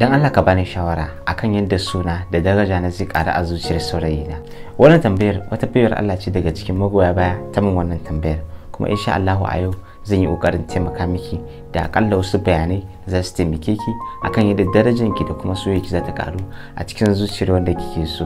don Allah ka bani shawara akan yadda suna da daraja na zai ƙara a zuciyar saurayina wannan tambayar wata bayar Allah ce daga cikin magoya baya ta min wannan tambayar kuma insha Allahu a yau zan yi ƙoƙarin taimaka miki da akalla wasu bayanai za su taimake ki akan yadda darajar ki da kuma ki za ta ƙaru a cikin zuciyar wanda kike so.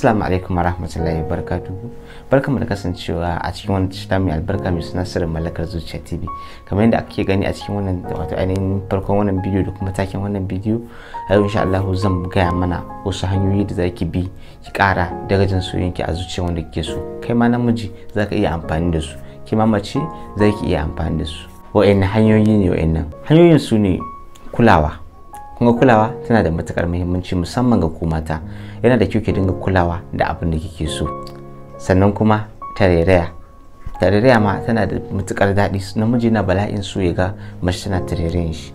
Assalamu alaikum warahmatullahi wabarakatuhu. Barkamu da kasancewa a cikin wannan cita mai albarka mai suna sirrin mallakar zuciya TV. Kamar yadda ake gani a cikin wannan wato ainihin farkon wannan bidiyo da kuma takin wannan bidiyo, a yau insha Allah zan gaya mana wasu hanyoyi da zaki bi ki ƙara darajar soyayyanki a zuciya wanda kike so. Kai ma namiji zaka iya amfani da su, ki ma mace zaki iya amfani da su. Wa'annan hanyoyi ne wa'annan. Hanyoyin su ne kulawa. kuma kulawa tana da matukar muhimmanci musamman ga ku mata yana da kyau ki dinga kulawa da abin da kike so sannan kuma tarairaya tarairaya ma tana da matukar daɗi namiji na bala'in so ya ga mace tana tarairayin shi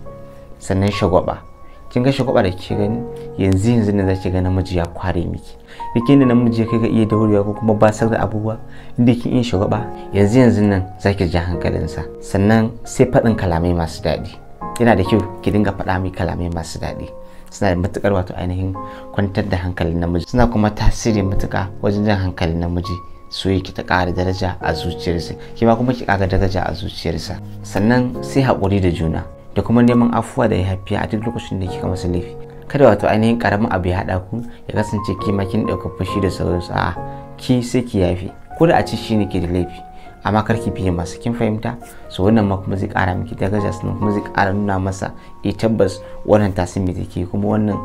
sannan shagwaba kin ga shagwaba da kike gani yanzu yanzu ne zaki ga namiji ya kware miki kike ne namiji kai ga iya daurewa ko kuma basar da abubuwa inda kin yin shagwaba yanzu yanzu nan zaki ji hankalinsa sannan sai faɗin kalamai masu daɗi yana da kyau ki dinga faɗa mai kalamai masu daɗi suna da matukar wato ainihin kwantar da hankalin namiji suna kuma tasiri matuka wajen jan hankalin namiji so ki ta ƙara daraja a zuciyarsa ki ma kuma ki ƙara daraja a zuciyarsa sannan sai haƙuri da juna da kuma neman afuwa da yafiya a duk lokacin da kika masa laifi kada wato ainihin karamin abu ya haɗa ku ya kasance ki ma kin ɗauka fushi da sauransu a'a ki sai ki yafi ko da a ce shine ke da laifi amma karki biye masu kin fahimta so wannan ma kuma zai kara miki daraja sannan kuma zai kara nuna masa e tabbas wannan tasimita take kuma wannan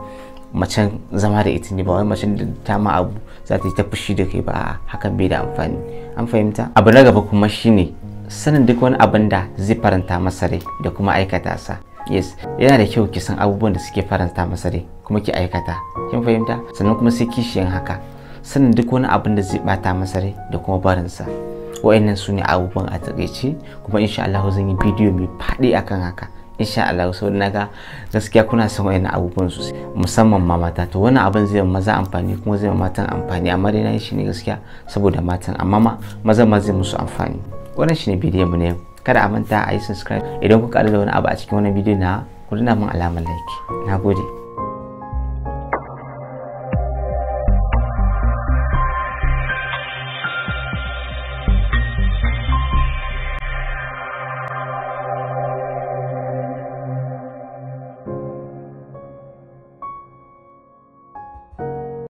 macen zama da ita ne ba wai macen da ta ma abu za ta yi ta fushi da kai ba hakan bai da amfani an fahimta abu na gaba kuma shine sanin duk wani abin da zai faranta masa rai da kuma aikata sa yes yana da kyau ki san abubuwan da suke faranta masa rai kuma ki aikata kin fahimta sannan kuma sai kishiyan haka sanin duk wani abin da zai bata masa rai da kuma barinsa wa'annan su ne abubuwan a takaice kuma insha Allah zan yi bidiyo mai faɗi akan haka insha Allah saboda naga gaskiya kuna son wa'annan abubuwan sosai musamman ma mata to wannan abin zai maza amfani kuma zai matan amfani amma dai na shi ne gaskiya saboda matan amma ma maza ma zai musu amfani wannan shine bidiyon mu ne kada a manta a yi subscribe idan kuka da wani abu a cikin wannan bidiyo na ku nuna min alamar like nagode